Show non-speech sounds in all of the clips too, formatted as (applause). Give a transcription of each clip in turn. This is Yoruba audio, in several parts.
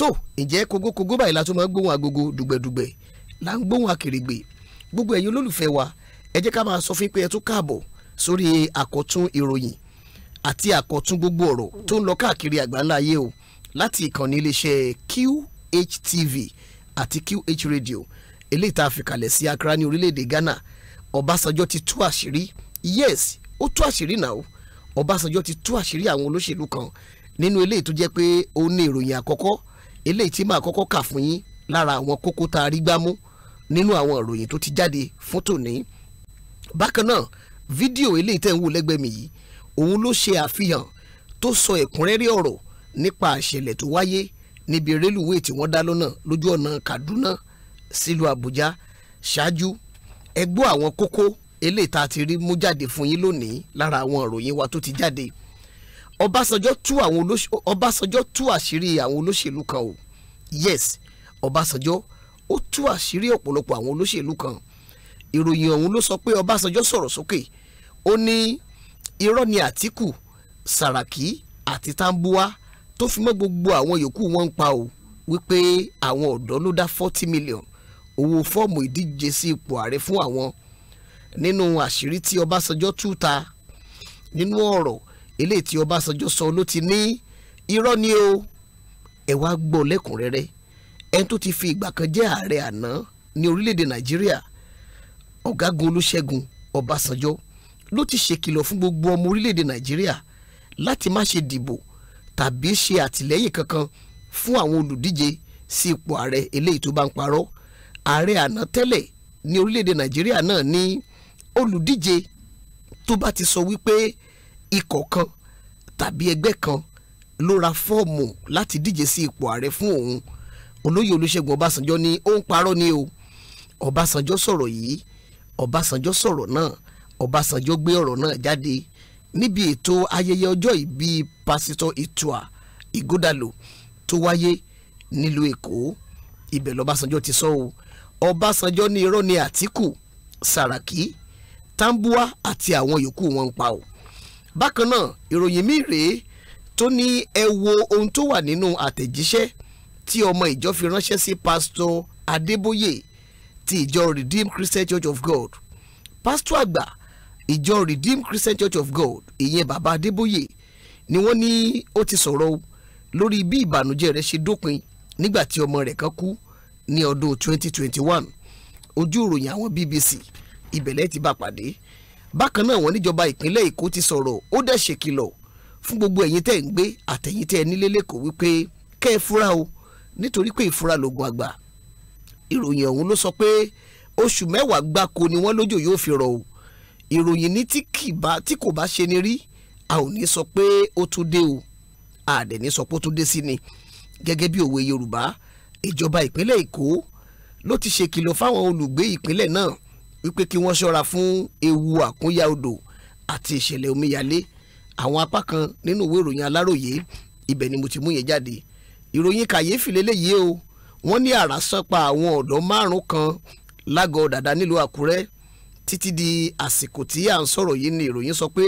tó ǹjẹ́ kogókogó báyìí la tún máa ń gbóhùn agogo dùgbẹ̀dùgbẹ̀ la ń gbóhùn akèrègbè gbogbo ẹ̀yin olólùfẹ́ wa ẹ jẹ́ ká máa sọ fún pé ẹ tún káàbọ̀ sórí àkọ́tún ìròyìn àti àkọ́tún gbogbo ọ̀rọ̀ tó ń lọ káàkiri àgbáńlá ayé o láti ìkànnì iléeṣẹ́ QHTV àti QH Radio eléyìí tá a fi kalẹ̀ sí Accra ní orílẹ̀-èdè Ghana Ọbásanjọ́ ti tú àṣírí yes ó tú àṣírí náà o Ọbásanjọ́ ti tú àṣírí àwọn olóṣèlú kan nínú eléyìí tó jẹ́ pé òun ní ìròyìn àkọ́kọ́ eléyìí tí màá kọ́kọ́ kà fún yín lára àwọn kókó tá a rí gbámú nínú àwọn ìròyìn tó ti jáde fún tòní bákan náà fídíò eléyìí tẹ̀ ń wò lẹ́gbẹ̀ẹ́ mi yìí òun ló ṣe àfihàn tó sọ ẹ̀kúnrẹ́rẹ́ ọ̀rọ̀ nípa àṣẹlẹ̀ tó wáyé níbi rélùwé tí wọ́n dá lọ́nà lójú ọ̀nà Kaduna sílùú Àbújá ṣáájú ẹ gbọ́ àwọn kókó eléyìí tá a ti rí mú jáde fún yín lónìí lára àwọn ìròyìn wa tó ti jáde Ọbásanjọ́ tú àwọn olóṣèlú Ọbásanjọ́ tú àṣírí àwọn olóṣèlú kan o yes Ọbásanjọ́ ó tú àṣírí ọ̀pọ̀lọpọ̀ àwọn olóṣèlú kan ìròyìn ọ̀hún ló sọ pé Ọbásanjọ́ sọ̀rọ̀ sókè ó ní irọ́ ni Àtíkù Sàràkí àti Tambuwa tó fi mọ́ gbogbo àwọn yòókù wọn ń pa o wípé àwọn ọ̀dọ́ ló dá forty million owó fọ́ọ̀mù ìdíje sí ipò ààrẹ fún àwọn nínú àṣírí tí Ọbásanjọ́ tú ta nínú ọ̀rọ̀ eléyìí tí Ọbásanjọ́ sọ ló ti ní irọ́ ni o ẹ wá gbọ́ lẹ́kùnrẹ́rẹ́ ẹni tó ti fi ìgbà kan jẹ́ ààrẹ àná ní orílẹ̀-èdè Nàìjíríà ọ̀gágun Olúṣẹ́gun Ọbásanjọ́ ló ti ṣèkìlọ̀ fún gbogbo ọmọ orílẹ̀-èdè Nàìjíríà láti má ṣe dìbò tàbí ṣe àtìlẹ́yìn kankan fún àwọn olùdíje sí ipò ààrẹ eléyìí tó bá ń parọ́ ààrẹ àná tẹ́lẹ̀ ní orílẹ̀-èdè Nàìjíríà náà ní olùdíje tó bá ti sọ wípé ikọ̀ kan tàbí ẹgbẹ́ kan ló ra fọ́ọ̀mù láti díje sí ipò ààrẹ fún òun olóyè olúṣẹ́gun ọbásanjọ́ ní ó ń parọ́ ni o ọbásanjọ́ sọ̀rọ̀ yìí ọbásanjọ́ sọ̀rọ̀ náà ọbásanjọ́ gbé ọ̀rọ̀ náà jáde níbi ètò ayẹyẹ ọjọ́ ìbí pásítọ̀ ìtura ìgódàlò tó wáyé nílùú èkó ibẹ̀ lọ́básanjọ́ ti sọ o ọbásanjọ́ ní irọ́ ni àtìkù sàràkí tambuwa àti àwọn yòókù wọn ń pa o bákan náà ìròyìn mi rèé tó ní ẹ wo ohun tó wà nínú àtẹ̀jíṣẹ́ tí ọmọ ìjọ fi ránṣẹ́ sí pásítọ̀ Adébóyè ti ìjọ Redeemed Christian Church of God pásítọ̀ àgbà ìjọ Redeemed Christian Church of God ìyẹn bàbá Adébóyè ni wọ́n ní ó ti sọ̀rọ̀ lórí bí ìbànújẹ́ rẹ̀ ṣe dópin nígbà tí ọmọ rẹ̀ kan kú ní ọdún 2021 ojú ìròyìn àwọn BBC ibẹ̀lẹ̀ ti bá pàdé bákan náà wọ́n níjọba ìpínlẹ̀ Èkó ti sọ̀rọ̀ ó dẹ̀ ṣèkìlọ̀ fún gbogbo ẹ̀yin tẹ́ ń gbé àtẹ̀yin tẹ́ ẹ nílé lẹ́kọ̀ọ́ wípé kẹ́ ẹ fura o nítorí pé ìfura lògùn àgbà ìròyìn ọ̀hún ló sọ pé oṣù mẹ́wàá gbáko ni wọ́n lójò yóò fi rọ̀ o ìròyìn ní tí kò bá ṣe ni rí a ò ní sọ pé ó tún dé o a dẹ̀ ní sọ pé ó tún dé sí ni gẹ́gẹ́ bí òwe Yorùbá ìjọba ìpínlẹ̀ Èkó ló ti ṣèkìlọ̀ fáwọn olùgbé ìpínlẹ̀ náà wípé kí wọ́n ṣọ́ra fún ewu àkúnya odò àti ìṣẹ̀lẹ̀ omíyalé àwọn apá kan nínú ìwé ìròyìn aláròyé ibẹ̀ ni mo ti mú yẹn jáde ìròyìn kàyéfì lélẹ́yìí o wọ́n ní àrá sán pa àwọn ọ̀dọ́ márùn-ún kan lágọ̀ọ́ dàda nílùú àkúrẹ́ títí di àsìkò tí à ń sọ̀rọ̀ yìí ni ìròyìn sọ pé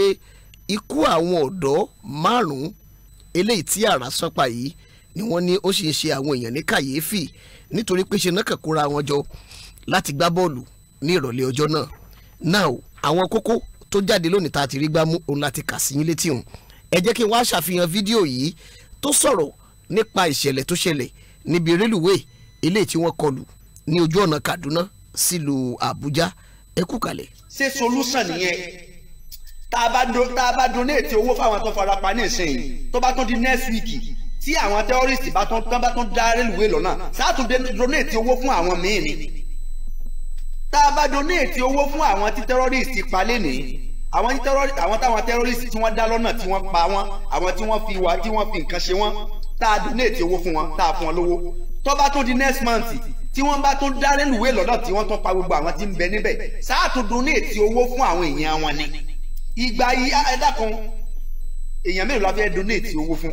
ikú àwọn ọ̀dọ́ márùn-ún eléyìí tí àrá sán pa yìí ni wọ́n ní ó sì ń ṣe àwọn èèyàn ní kàyéfì nítorí pé ṣe náà wọn jọ láti gbá bọ́ọ̀lù ní ìrọ̀lẹ́ ọjọ́ náà now àwọn kókó tó jáde lónìí tá a ti rí gbámú òun láti kà sí yín létí òun ẹ jẹ́ kí n wá ṣàfihàn fídíò yìí tó sọ̀rọ̀ nípa ìṣẹ̀lẹ̀ tó ṣẹlẹ̀ níbi rélùwéè eléyìí tí wọ́n kọlù ní ojú ọ̀nà Kaduna sílùú Àbújá ẹ kú kalẹ̀. ṣé solution nìyẹn tá a bá donate owó fáwọn tó fara pa ní ìsìn tó bá tún di next week tí àwọn terrorist bá tún dá rélùwéè lọ́nà sáà tún donate owó fún àwọn míì ni tá a bá donate owó fún àwọn tí terrorist pa lénìí àwọn tí terrorist àwọn táwọn terrorist tí wọ́n dá lọ́nà tí wọ́n pa wọ́n àwọn tí wọ́n fi wà tí wọ́n fi nǹkan ṣe wọ́n tá a donate owó fún wọn tá a fún wọn lówó tó bá tó di next month tí wọ́n bá tó dá rẹ́lùwé lọ́dọ̀ tí wọ́n tó pa gbogbo àwọn tí ń bẹ níbẹ̀ sáà tó donate owó fún àwọn èèyàn wọn ni ìgbà yìí ẹ dákun èèyàn mélòó la fẹ́ donate owó fún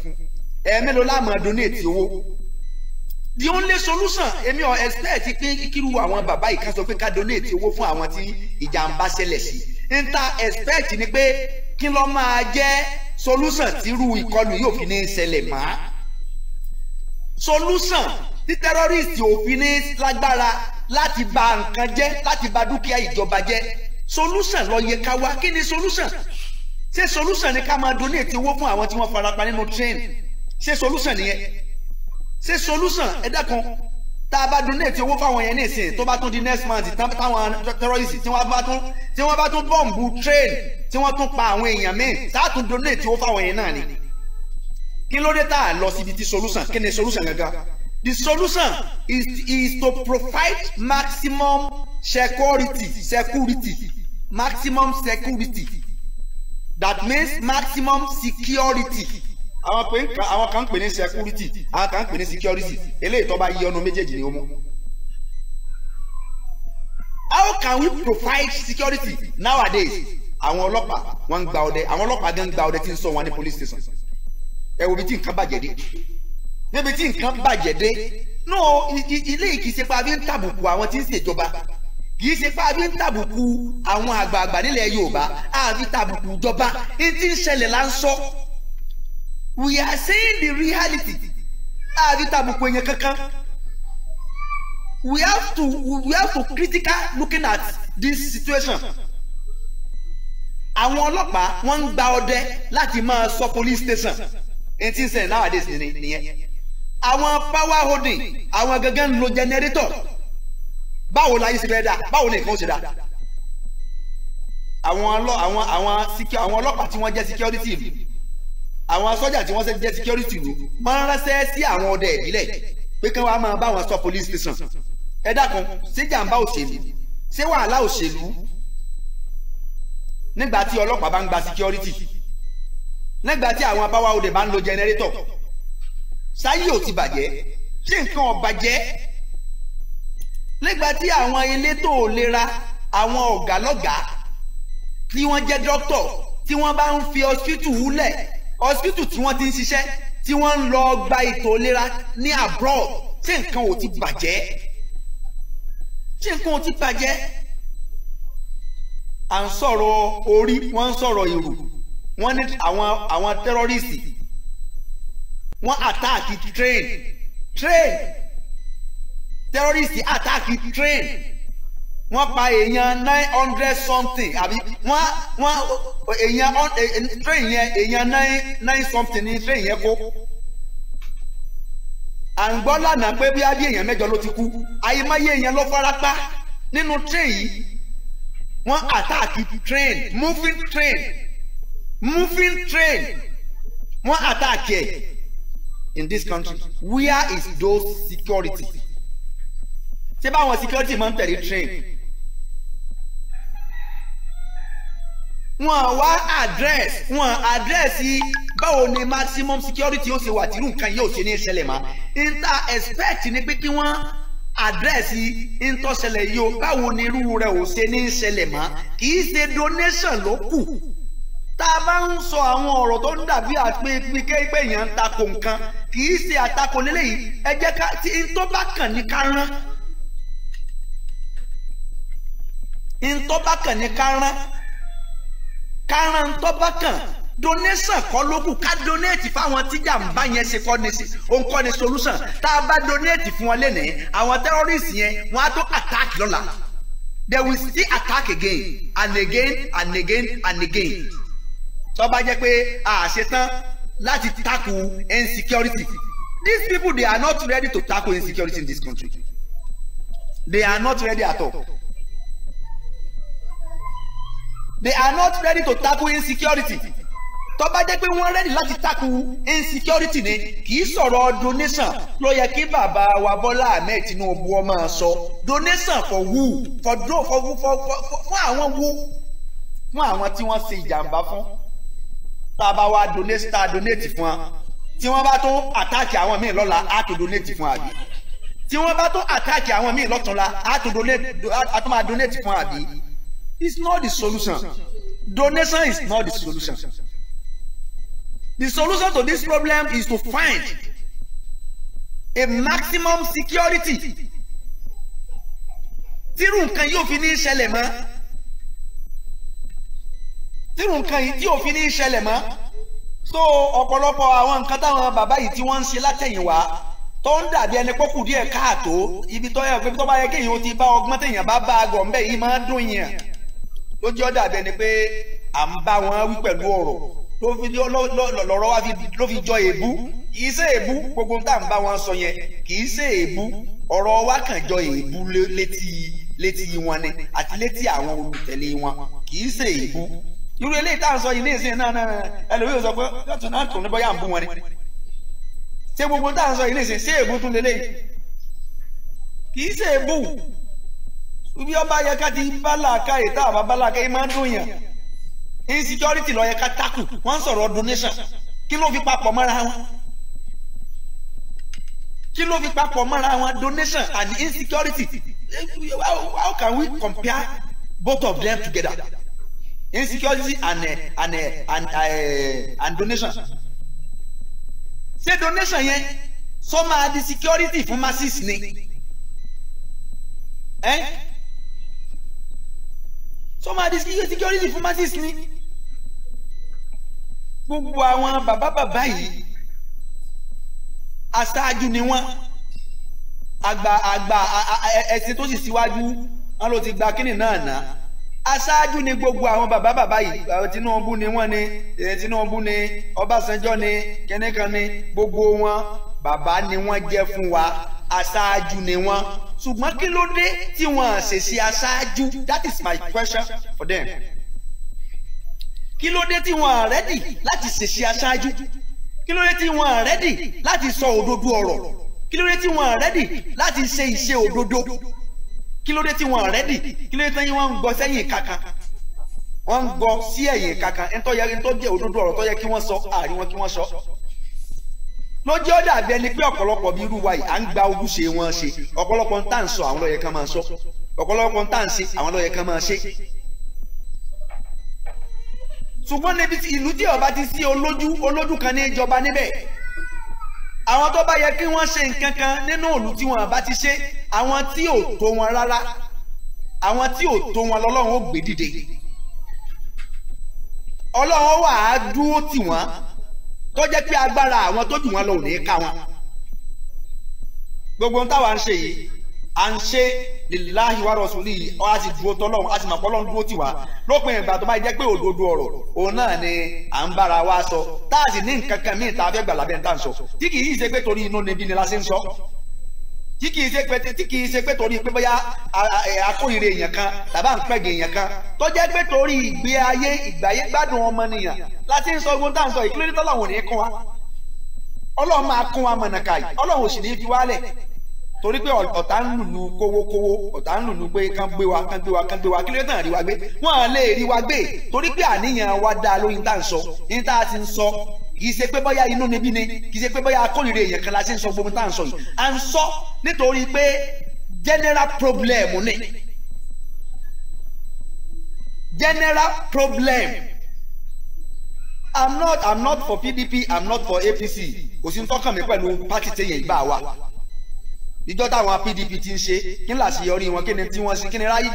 ẹ mélòó la máa donate owó the only solution èmi ò expect pé kíkírú àwọn bàbá yìí ká sọ pé ká donate owó fún àwọn tí ìjàmbá ṣẹlẹ̀ sí n ta expect ni pé kí ló máa jẹ́ solution tírú ìkọlù yóò fi ní ṣẹlẹ̀ mọ́ solution tí terrorist ò fi ní lágbára láti bà nǹkan jẹ́ láti bà dúkìá ìjọba jẹ́ solution ló yẹ ká wá kí ni solution ṣé solution ni ká máa donate owó fún àwọn tí wọ́n farapa nínú train ṣé solution nìyẹn ṣé solution ẹ̀dá kan tá a bá donate owó fáwọn yẹn nísìn tó bá tún di next month táwọn terrorist tí wọ́n bá tún tí wọ́n bá tún bọ́ǹbù train tí wọ́n tún pa àwọn èèyàn míì tá a tún donate owó fáwọn yẹn náà ni kí ló dé tá a lọ síbi ti solution kí ni solution gangan the solution is is to provide maximum security security maximum security that means maximum security àwọn pé àwọn kan pè ní security àwọn kan pè ní security eléyìí tó bá yí ọnu méjèèjì ni ó mú. how can we provide security nowadays àwọn ọlọ́pàá wọ́n ń gba ọdẹ àwọn ọlọ́pàá gan ń gba ọdẹ tí ń sọ wọn ní police station ẹ wo ibi tí nǹkan bàjẹ́ dé níbi tí nǹkan bàjẹ́ dé no ilé yìí kì í ṣe pé a fi ń tàbùkù àwọn tí ń ṣèjọba kì í ṣe pé a fi ń tàbùkù àwọn àgbààgbà nílẹ̀ Yorùbá a fi tàbùkù ìjọba ní tí ń ṣẹlẹ̀ là ń we are seeing the reality láàbí kankan we have to we have to critical looking at this situation àwọn ọlọ́pàá wọ́n ń gba ọdẹ láti máa sọ police station eighteen cent nowadays nìyẹn àwọn power holding àwọn gangan ń lo generator báwo la yìí ṣe fẹ́ dà báwo ni nǹkan ó ṣe dà àwọn ọlọ́ àwọn àwọn àwọn ọlọ́pàá tí wọ́n jẹ́ security ìlú àwọn sọ́jà tí wọ́n ṣe jẹ́ security wò wọ́n ránṣẹ́ sí àwọn ọdẹ ìbílẹ̀ pé kí wọ́n á máa bá wọn sọ police station ẹ dákun ṣé jàǹbá òṣèlú ṣé wàhálà òṣèlú nígbà tí ọlọ́pàá bá ń gba security nígbà tí àwọn abáwá ọdẹ bá ń lo generator sáyé ò ti bàjẹ́ ṣé nǹkan ò bàjẹ́ nígbà tí àwọn elétò ìlera àwọn ọ̀gá lọ́gàá tí wọ́n jẹ́ dókítọ̀ tí wọ́n bá ń fi ọsítù wúlẹ̀ hospital tí wọ́n ti ń ṣiṣẹ́ tí wọ́n ń lọ gba ètò ìlera ní abroad ṣé nǹkan ò ti bàjẹ́ ṣé nǹkan ò ti bàjẹ́ à ń sọ̀rọ̀ orí wọ́n ń sọ̀rọ̀ ìrù wọ́n ní àwọn àwọn tẹ́rọ́rìsì wọ́n àtáàkì train train tẹ́rọ́rìsì àtáàkì train. train wọ́n pa èèyàn nine hundred something àbí wọ́n wọ́n èèyàn train yẹn èèyàn nine nine something ni train yẹn kó à ń gbọ́ lánàá pé bí abí èèyàn mẹ́jọ ló ti kú àyèmáyé èèyàn ló fara pa nínú train yìí wọ́n àtàkì train moving train moving train wọ́n àtàkì ẹ̀ in this country where is those security ṣé báwọn security máa ń tẹ̀lé train. wọ́n wá address wọ́n address báwo ni maximum security ó ṣe wà tí irú nǹkan yìí ò ṣe ní ìṣẹ̀lẹ̀ mọ́ inter expect ni pé kí wọ́n àdírẹ́sì ntọ́sẹ̀lẹ̀ yìí o báwo ni irú rẹ̀ ò ṣe ní í ṣẹlẹ̀ kì í ṣe donation ló kù tá a bá ń sọ àwọn ọ̀rọ̀ tó ń dàbí àpèpè kéèpé yẹn ń takò nǹkan kì í ṣe àtakò lélẹ́yìí ẹ jẹ́ ká tí ntọ́ bá kàn ní ká rán ntọ́ bá kàn ní ká rán kárán tó bá donation kọ́ ló ká donate fáwọn tíjà ń bá yẹn ṣe kọ́ ni òun kọ́ ni solution tá a bá donate fún wọn lẹ́nìí àwọn terrorists yẹn wọ́n á tó attack lọ́la they will still attack again and again and again and again tó bá jẹ́ pé a ṣe tán láti tackle insecurity these people they are not ready to tackle insecurity in this country they are not ready at all they are not ready to tackle insecurity tó bá jẹ́ pé wọ́n rẹ́dì láti takú insecurity ni kì í sọ̀rọ̀ donation ló yẹ kí bàbá wa Bọ́lá Ahmed Tinubu ó máa sọ donation for who for do for who for for fún àwọn who fún àwọn tí wọ́n ṣe ìjàmbá fún tá a bá wa donate tá a donate fún wa tí wọ́n bá tún àtàkì àwọn míì lọ́la á tó donate fún wa bí tí wọ́n bá tún àtàkì àwọn míì lọ́túnla á tó donate á tó máa donate fún wa It's not the solution. Donation is not the solution. The solution to this problem is to find a maximum security. Tírù nǹkan yóò fi ní í ṣẹlẹ̀ mọ́. Tírù nǹkan yìí tí yóò fi ní í ṣẹlẹ̀ So ọ̀pọ̀lọpọ̀ àwọn nǹkan táwọn bàbá yìí tí wọ́n ń ṣe látẹ̀yìnwá tó ń dàbí ẹni pé kù díẹ̀ káàtó ibi tó yẹ pé tó bá yẹ kéèyàn ti bá ọgbọ́n téèyàn bá bá a gọ̀ ńbẹ́ yìí máa ń dùn yẹn ló jẹ́ ọ̀dà bẹni pé à ń bá wọn wí pẹ̀lú ọ̀rọ̀ ló fi lọ́rọ̀ wá ló fi jọ èébú kì í ṣe èébú gbogbo tá à ń bá wọn sọ yẹn kì í ṣe èébú ọ̀rọ̀ wa kàn jọ èébú létí létí wọn ni àti létí àwọn olùtẹ̀lé wọn kì í ṣe èébú irú eléyìí tá à ń sọ yìí ní ìsìn náà náà ẹlòmíràn sọ pé yọtún náà tún ní bóyá à ń bú wọn ni ṣé gbogbo tá à ń sọ yìí ní ìsìn ṣé èébú tún lélẹ́yìí kì í ṣe èébú ibi ọba yẹ ká ti bálàkà yìí tá àbá bálàkà yìí máa ń dùn yàn insecurity lọ yẹ ká takù wọ́n ń donation kí ló fi papọ̀ mọ́ra wọn kí ló fi papọ̀ mọ́ra wọn donation and insecurity how, how can we compare both of them together insecurity and and and uh, and donation ṣé donation yẹn sọ máa di security fún masses ni. Eh? sọ ma di security fún masis ni gbogbo àwọn bàbá bàbá yìí aṣáájú ni wọ́n àgbà àgbà ẹ̀sìn tó sì síwájú wọn ló ti gba kínní náà ná aṣáájú ni gbogbo àwọn bàbá bàbá yìí Tinubu ni wọ́n ni eh, Tinubu ni Ọbásanjọ́ ni kẹ́nìkan ni gbogbo wọn bàbá ni wọ́n jẹ́ fún wa aṣáájú ni wọ́n ṣùgbọ́n kí ló dé tí wọ́n ṣèṣe aṣáájú that is my question for them kí ló dé tí wọ́n rẹ́dì láti ṣèṣe aṣáájú kí ló dé tí wọ́n rẹ́dì láti sọ òdodo ọ̀rọ̀ kí ló dé tí wọ́n rẹ́dì láti ṣe iṣẹ́ òdodo kí ló dé tí wọ́n rẹ́dì kí ló dé tí wọ́n ń gbọ́ sẹ́yìn kankan wọ́n ń gbọ́ sí ẹ̀yìn kankan ẹ̀ńtọ́ yẹ ẹ̀ńtọ́ jẹ́ òdodo ọ̀rọ̀ tó yẹ kí wọ́n sọ àárín wọn kí wọ́n sọ ló jẹ́ ó dàbí ẹni pé ọ̀pọ̀lọpọ̀ bí irú wa yìí à ń gba ojúṣe wọn ṣe ọ̀pọ̀lọpọ̀ ń tà ń sọ àwọn ló yẹ ká máa sọ ọ̀pọ̀lọpọ̀ ń tà ń ṣe àwọn ló yẹ ká máa ṣe. ṣùgbọ́n níbi tí ìlú tí ọba ti sí olójú olójú kan ní ìjọba níbẹ̀ àwọn tó bá yẹ kí wọ́n ṣe nǹkan kan nínú ìlú tí wọ́n bá ti ṣe àwọn tí ò tó wọn rárá àwọn tí ò tó wọn lọ́lọ́run ó gbé dìde ọlọ́run wà á dúró tì wọ́n tó jẹ́ pé agbára àwọn tó jù wọn lọ ò ní ká wọn. gbogbo táwa ń ṣe yìí à ń ṣe lillahi wa rasulihi a sì dúró tọ́lọ́run a sì mọ̀ pọ́lọ́run dúró tì lópin ìgbà tó bá jẹ́ pé òdodo ọ̀rọ̀ òun náà ni à ń bára wa sọ tá a sì ní nǹkan kan míì tá a fẹ́ gbà lábẹ́ ń tà ń sọ tí kì í ṣe pé torí inú níbi ni la ṣe ń sọ tí kì í ṣe pé tí kì í ṣe pé torí pé bóyá akóríire èèyàn kan tàbá ń pẹ̀gẹ̀ èèyàn kan tó jẹ́ pé torí ìgbé ayé ìgbáyé gbádùn ọmọnìyàn láti ń sọ ogun tá à ń sọ ìkílódé tọ́lọ́hún ní kún wa ọlọ́run máa kún wa mọ̀nàkà yìí ọlọ́run ò sì ní fi wálẹ̀ torí pé ọ̀tá ń lùlù kówókówó ọ̀tá ń lùlù pé kán gbé wa kán gbé wa kán gbé wa kí ló tàn rí wa gbé wọn lè rí wa gbé torí pé àníyàn wa dá lóyún tá à ń sọ yín tá a ti ń sọ kì í ṣe pé bóyá inú níbí ni kì í ṣe pé bóyá akórìíra èèyàn kan la ṣe ń sọ gbogbo tá à ń sọ yìí à ń sọ nítorí pé general problem ni general problem i'm not i'm not for pdp i'm not for apc kò sí ń tọ́kàn mi pẹ̀lú pátì tẹ̀yẹ̀ ìgbà wa ìjọ táwọn pdp ti ń ṣe kí ni làṣeyọrí wọn kí ni tí wọ́n ṣe kí ni ráyé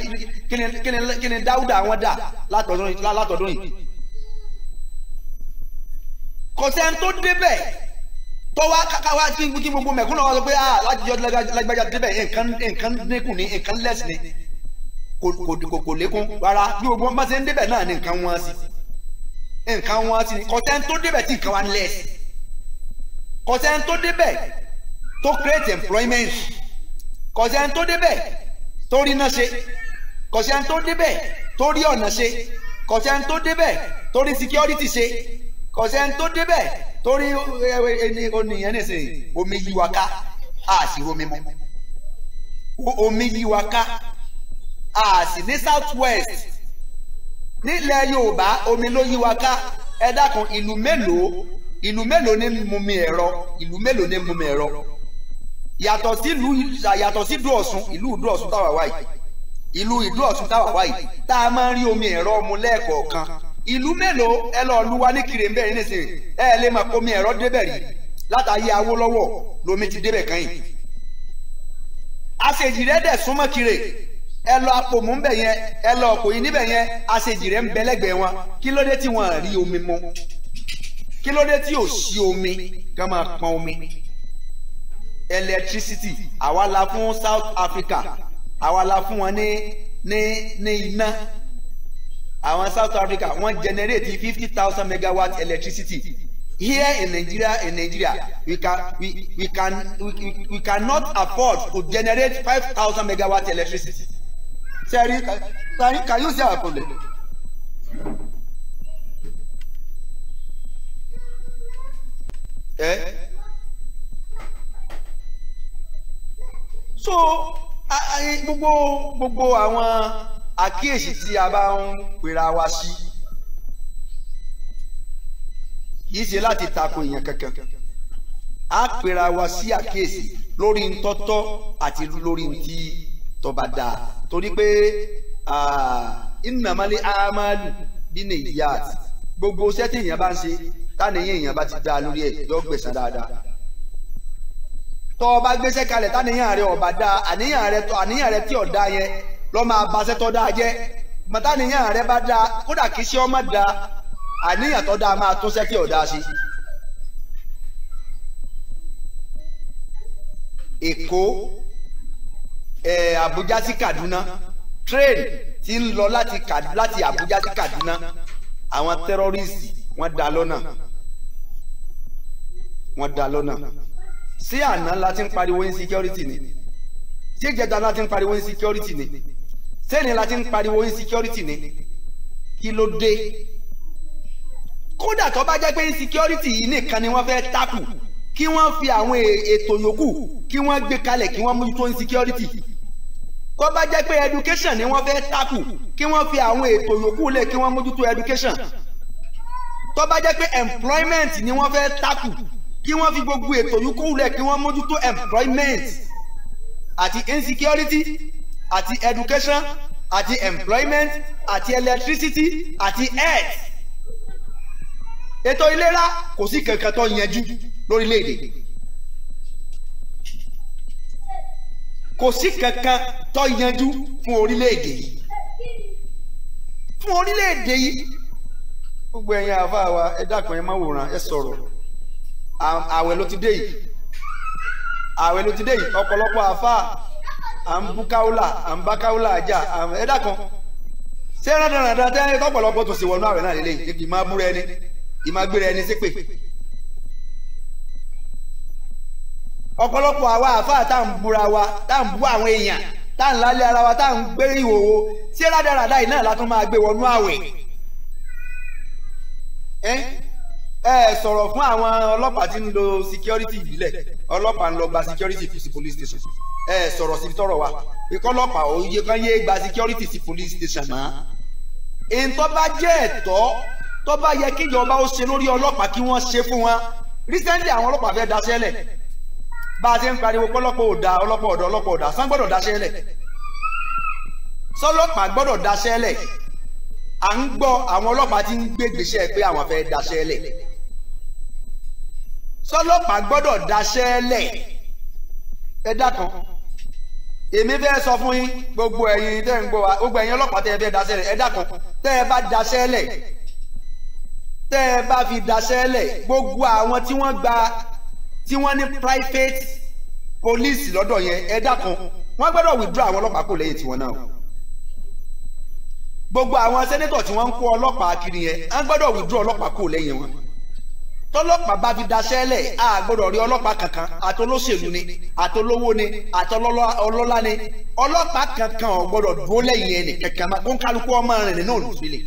kí ni kí ni dáúdà wọn dà látọ̀dún yìí kọ̀sẹ́ni tó débẹ̀ tọ́wá káwá kí gbogbo mẹ̀kúnnà wa sọ pé ah láti yọ lágbájá débẹ̀ nǹkan nǹkan dínkù ní nǹkan less ni kò lékún rárá bí gbogbo bá ṣe ń débẹ̀ náà ni nǹkan wọn sí nǹkan wọn sí kọ̀sẹ́ni tó débẹ̀ tí nǹkan wa ń less kọ̀sẹ́ni tó débẹ̀ tó create employment kọ̀sẹ́ni tó débẹ̀ tó rí náà ṣe kọ̀sẹ́ni tó débẹ̀ tó rí ọ̀nà ṣe kọ̀sẹ́ni tó débẹ̀ tó rí security ṣe kọ̀sẹ́ ń tó débẹ̀ torí oníyẹn nísìnyí omi yí wa ká a sì romi mu omi yí wa ká a sì ní south west nílẹ̀ Yorùbá omi ló yí wa ká ẹ dákun ìlú mélòó ìlú mélòó ní mumi ẹ̀rọ ìlú mélòó ní mumi ẹ̀rọ yàtọ̀ sí ìlú yàtọ̀ sí ìlú Ọ̀ṣun ìlú ìlú Ọ̀ṣun táwa wáyìí ìlú ìlú Ọ̀ṣun táwa wáyìí tá a máa ń rí omi ẹ̀rọ mu lẹ́ẹ̀kọ̀ọ̀kan ìlú mélòó ẹ lọ lu wa ní kiri nbẹ yìí nísìnyí ẹ lè máa pomi ẹ̀rọ débẹ̀ rí látàyè Awólọ́wọ̀ lomi ti débẹ̀ kan yìí àṣejì rẹ dẹ̀ súnmọ́ kiri ẹ lọ apòmù ńbẹ yẹn ẹ lọ ọkọ yìí níbẹ̀ yẹn àṣejì rẹ ń bẹ lẹ́gbẹ̀ẹ́ wọn kí ló dé tí wọn rí omi mu kí ló dé tí ò sí omi kàn máa pọn omi electricity àwa la fún South Africa àwa la fún wọn ní ní ní iná àwọn South Africa wọ́n generate fifty thousand megawatt electricity here in Nigeria in Nigeria we can we we can we, we cannot afford to generate five thousand megawatt electricity sẹ́rí sẹ́rí can you see our problem. Eh? so gbogbo gbogbo àwọn àkíyèsí tí a bá ń pera wa sí kì í ṣe láti tako èèyàn kankan a pera wa sí àkíyèsí lórí ntọ́tọ́ àti lórí ntí tọba dáa torí pé ìnàmọ́lé amadu bínú ìyá àti gbogbo sẹ́tì èèyàn bá ń ṣe tánìyàn èèyàn bá ti dáa lórí ẹ̀ yọ dáadáa tọ́ ọ gbéṣẹ́ kalẹ̀ tánìyàn rẹ ọ̀bà dáa àníyàn rẹ tí ọ̀dá yẹn lọ́ máa ba sẹ́tọ́ dáa jẹ́ mọ̀tánìyàn rẹ bá dáa kódà kì í ṣe ọmọ dáa àníyàn tó dáa máa tún sẹ́tì ọ̀dá sí. Èkó Àbújá sí Kaduna train ti ń lọ láti Àbújá sí Kaduna àwọn tẹ́rọ́rìsì wọ́n dá lọ́nà wọ́n dá lọ́nà sí àná la ti ń pariwo insecurity ni sí ìjẹta la ń pariwo insecurity ni sẹ́ni la ti ń pariwo insecurity ni kí ló dé kódà tó bá jẹ́ pé insecurity yìí nìkan ni wọ́n fẹ́ tákù kí wọ́n fi àwọn e-, ètò yòókù kí wọ́n gbé kalẹ̀ kí wọ́n mójútó insecurity kó bá jẹ́ pé education ni wọ́n fẹ́ tákù kí wọ́n fi àwọn ètò yòókù lẹ̀ kí wọ́n mójútó education tó bá jẹ́ pé employment ni wọ́n fẹ́ tákù kí wọ́n fi gbogbo ètò yòókù lẹ̀ kí wọ́n mójútó employment àti insecurity àti education àti employment àti electricity àti health ètò ìlera kò sí kankan tó yanjú lórílẹ̀‐èdè kò sí kankan tó yanjú fún orílẹ̀‐èdè yìí fún orílẹ̀ yìí gbogbo ẹ̀yin àfa wa ẹ dákun ẹ má wòran ẹ sọ̀rọ̀ àwẹ̀ ló ti dé yìí àwẹ̀ ló ti dé yìí ọ̀pọ̀lọpọ̀ àfa à ń bú káwùlà à ń bá káwùlà ajá ẹ dákan ṣé rádaràdà tẹ́ tọ́pọ̀lọpọ̀ tó sì wọnú àwẹ̀ náà lélẹ́yìn kí máa búra ẹni kí máa gbéra ẹni ṣépè. ọ̀pọ̀lọpọ̀ àwa àfáà tá à ń búra wa tá à ń bú àwọn èèyàn tá à ń lálẹ́ ara wa tá à ń gbé ìhòòhò ṣé rádaràdà yìí náà la tún máa gbé wọnú àwẹ̀. ẹ ẹ sọ̀rọ̀ fún àwọn ọlọ́pàá tí ń lo security ìbílẹ̀ ọlọ́pàá ń lọ gba security police station ẹ sọ̀rọ̀ síbi tọ̀rọ̀ wa ìkọlọ́pàá òye kan yé gba security sí police station mọ́ ntọ́ bá jẹ́ ẹ̀tọ́ tọ́ bá yẹ kíjọba ó ṣe lórí ọlọ́pàá kí wọ́n ṣe fún wọn recently àwọn ọlọ́pàá fẹ́ daṣẹ́ lẹ̀ bá a ṣe ń pariwo pọ́lọ́pọ̀ òdà ọlọ́pọ̀ ọ̀dọ̀ ọlọ́pọ̀ ọ̀dà sán gbọ́dọ̀ daṣẹ́ lẹ̀ sọlọ́pàá gbọ́dọ̀ daṣẹ́ lẹ̀ à ń gbọ́ àwọn ọlọ́pàá ti ń gbégbèsè pé àwọn fẹ́ daṣẹ́ lẹ̀ sọlọ́pàá gbọ́dọ̀ daṣẹ́ lẹ̀ ẹ dákan èmi fẹ́ sọ fún yín gbogbo ẹ̀yin tẹ́ ń gbọ́ wa gbogbo ẹ̀yin ọlọ́pàá tẹ́ ẹ fẹ́ daṣẹ́ lẹ̀ ẹ dákun tẹ́ ẹ bá daṣẹ́ lẹ̀ tẹ́ ẹ bá fi daṣẹ́ lẹ̀ gbogbo àwọn tí wọ́n gba tí wọ́n ní private police lọ́dọ̀ yẹn ẹ dákun wọ́n gbọ́dọ̀ withdraw àwọn ọlọ́pàá kò lẹ́yìn tiwọn náà gbogbo àwọn sẹ́nẹ́tọ̀ tí wọ́n ń kó ọlọ́pàá kiri yẹn wọ́n gbọ́dọ̀ withdraw ọlọ́pàá kò lẹ́yìn wọn tọ́lọ́pàá bá fi daṣẹ́ lẹ̀ a gbọ́dọ̀ rí ọlọ́pàá kankan àtolóṣèlú ni àtolówó ni àtọlọ́lá ni ọlọ́pàá kankan ò gbọ́dọ̀ dúró lẹ́yìn ẹnì kankan máa ń kálukú ọmọ rìn nínú olùfilè.